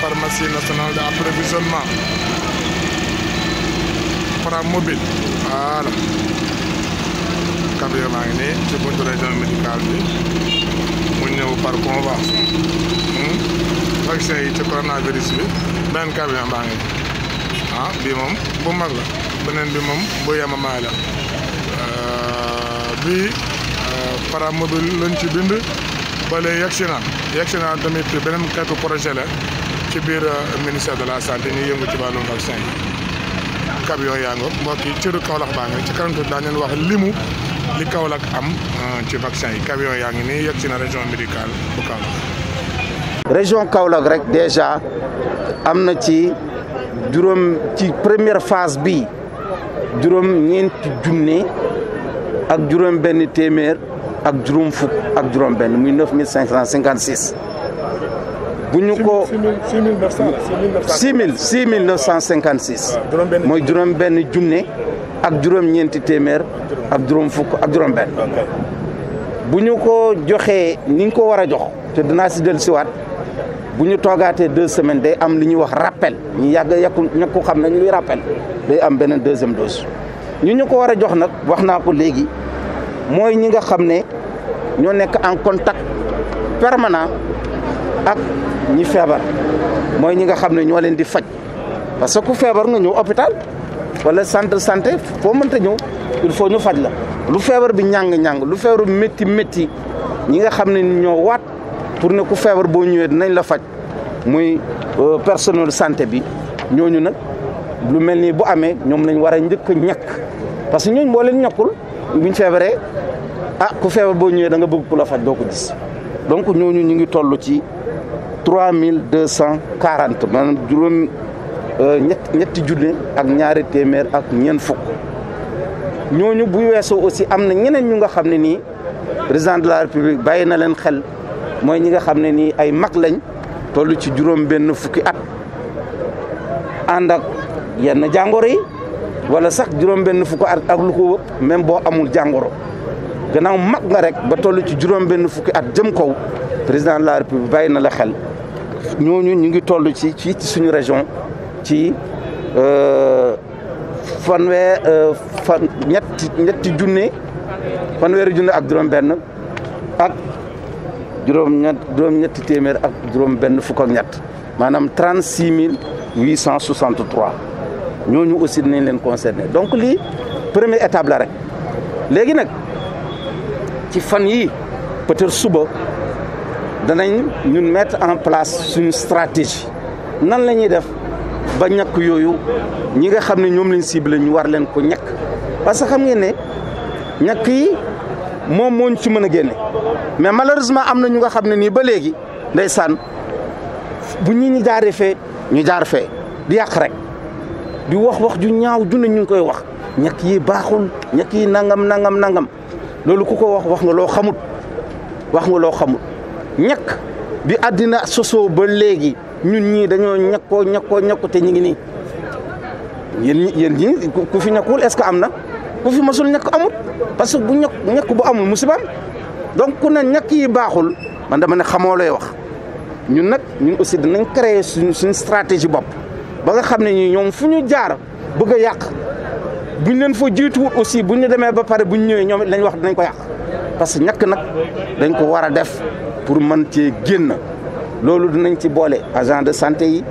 pharmacie nationale d'approvisionnement Fra mobile voilà camion baa ngi nii ci buntu région médicale bi mu ñëw par convoi vaccin yi ci coronavirus bi benn camion baa ngi ah bii moom bu mag la beneen bi moom bu yemamaay para bii paramobile lañ ci bind bale yegsi na yegsi na tamit para xeetu projet la eh? ci biir euh, ministère de la santé ñuy yëngu ci wàllum vaccin yi camion yaa nga mbokk yi cëru Kaolack baa nga ci kanam tuuti wax limu li Kaolack am euh, ci vaccin yi camion yaa ngi nii yegg si na région médicale bu Kaolack. région Kaolack rek déjà am na ci juróom ci première phase bi juróom ñeenti junne ak juróom benn téeméer ak juróom fukk ak juróom benn muy neuf mille cinq cent cinquante six bu 6000 6956 mooy juróom benn junne ak juróom ñeenti téeméer ak juróom fukk ak juróom benn bu ñu ko joxee ni nga ko war jox te dinaa si del siwaat bu ñu toogaatee deux semaines day am li wax rappel ñu yàgg yàkku ñakku xam nañ luy rappel day am beneen deuxième dose ñu ñu ko war a jox nag wax naa ko léegi mooy ñi nga xam ne ñoo en contact permanent ak ñi feebar mooy ñi nga xam ne ñoo leen di faj parce que ku feebar nga ñëw opital wala centre santé foo mënta ñëw il faut ñu faj la lu feebar bi ñàng-ñàng lu feebar bi métti métti ñi nga xam ne ñoo waat pour ne ku feebar boo ñëwee dinañ la faj muy euh, personnel santé bi ñooñu nag lu mel nii bu amee ñoom lañ war a njëkk a ñàkk parce que ñooñ boo leen ñàkkul buñ feebaree ah ku feebar boo ñëwee da nga bëgg ku la faj doo ko gis donc ñooñu ñu ngi toll ci trois mille deux cent quarante maanaam juróom euh, ñett ñetti junne ak ñaari téeméer ak ñeent fukk ñooñu bu weesoo aussi am na ñeneen ñu nga xam ne nii président de la république bàyyi na leen xel mooy ñi nga xam ne nii ay mag lañ toll ci juróom benn fukki at ànd ak yenn jàngoro yi wala sax juróom benn fukki at ak lu ko wëpp même boo amul jàngoro gannaaw mag nga rek ba toll ci juróom benn fukki at jëm kaw président de la république bàyyi na la xel ñooñu ñu ngi toll ci ci suñu région ci euh, fanweer euh, fan ñetti ñetti junne fanweeri junne ak juróom-benn ak juróom-ñett juróom-ñetti téeméer ak juróom-benn fukk ak ñett maanaam trente six mille huit ñooñu aussi dinañ leen concerné donc lii premier étape la rek léegi nag ci fan yi peut-être suba. danañ ñun mettre en place suñu stratégie nan la def ba ñak yoyu ñi nga xamni ñom lañ cible ñu war leen ko ñak parce que xam ngeen ne ñak yi moom moñ ci mëna a mais malheureusement amna ñu nga xamni ni ba légui ndeysaan bu ñi ñi jaaré fé ñu jaar fé di yak rek di wax wax ju ñaaw du ñu koy wax ñak yi baxul ñak yi nangam nangam nangam lolu ku ko wax wax nga lo xamut wax nga lo xamut ñàkk bi àddina sosoo ba léegi ñun ñii dañoo ñàkkoo ñàkkoo ñàkku te ñu ngi nii yéen ñi yéen ñii ku fi ñàkkul est-ce que am na ku fi masul ñàkk amul parce que bu ñàkk ñàkk bu amul musibaam donc ku ne ñàkk yi baaxul man dama ne xamoo lay wax ñun nag ñun aussi danañ créer suñ suñ stratégie bopp ba nga xam ne ñi ñoom fu ñu jaar bëgg a yàq buñ leen fa jiituwut aussi bu ñu demee ba pare buñ ñëwee ñoom it lañ wax dinañ ko yàq parce que ñàkk nag dañ ko war a def pour man ci guen lolu dinañ ci bolé agent de santé yi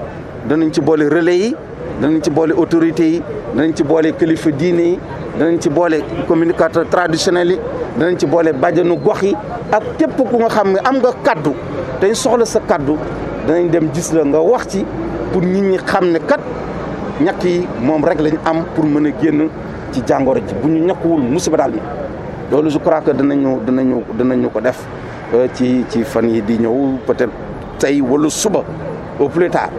dinañ ci bolé relais yi dinañ ci bolé autorité yi dinañ ci bolé calife diine yi dinañ ci bolé communicateur traditionnel yi dinañ ci bolé bàjjanu gox yi ak képp ku nga am nga cadeau dañ soxla sa cadeau dinañ dem gis la nga wax ci pour nit ñi kat ñak yi mom rek lañ am pour mëna guen ci jangoro ji bu ñu ñàkkuwul musiba dal mi je crois que dinañu dinañu dinañu ko def Euh, ci ci fan yi di ñëw peut-être tey wala suba au plus tard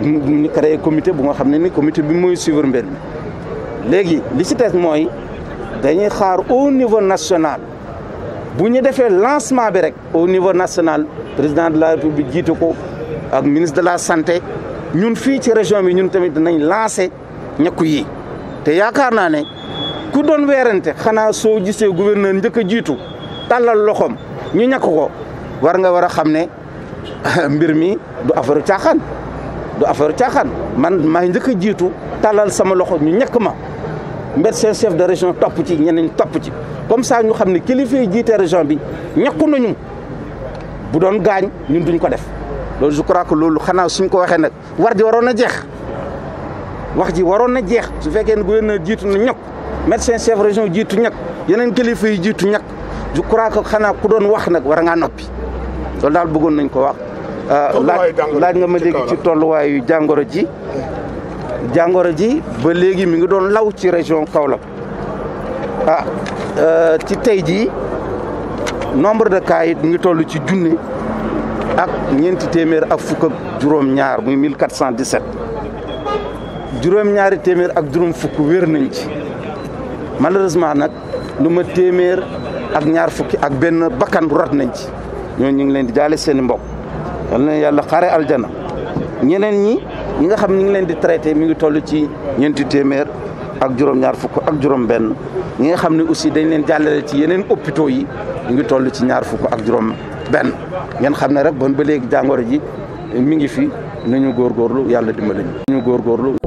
ñu créé bu nga xam ne ni comité bi mooy suivre mbir mi léegi li ci des mooy dañuy xaar au niveau national bu ñu defee lancement bi rek au niveau national président de la bi jiitu ko ak ministre de la santé ñun fii ci région bi ñun tamit dinañ lancé ñakku yi te yaakaar naa ne ku doon weerante xanaa soo gisee gouverneur njëkk a jiitu Talal loxom ñu ñàkk ko war nga wara xamne mbir mi du affaire caaxaan du affaire caaxaan man maay njëkk jitu talal sama loxo ñu ma sen chef de région top ci ñeneen top ci comme ça ñu xamne kilifé jité région bi ñakku nañu bu doon gañ ñun duñ ko def lolu je crois que lolu xana suñ ko waxé nak war di warona a jeex wax ji warona na jeex su fekkee ne gouverneur jitu na ñàkk médecin chef région jitu ñàkk yeneen kilifa yi jiitu je crois que xana ku doon wax nak war nga noppi loolu dal bëggon nañ ko wax euh, laaj laaj nga ma léegi ci tolluwaayu jangoro ji jangoro ji ba léegi mi ngi doon law ci région Kaolack ah euh, ci tay ji nombre de cas yi ngi tollu ci junne ak ñenti témèr ak fuk ak juroom ñaar muy 1417 juroom ñaari témèr ak juroom fuk wër nañ ci malheureusement nak lu témèr ak ñaar fukki ak benn bakkan rot nañ ci ñooñu ñu ngi leen di jaale seeni i mbokk yal yàlla xaare aljana ñeneen ñi ñi nga xam ñu leen di traité mi ngi toll ci ñeenti téeméer ak juróom-ñaar fukk ak juróom-benn ñi nga xam ne aussi dañ leen jàllale ci yeneen hôpitaux yi ñu ngi toll ci ñaar fukk ak juróom-benn ngeen xam ne rek bon ba léegi jàngoro ji mi ngi fi nañu góorgóorlu yàlla dimbali ñu. nañu góorgóorlu.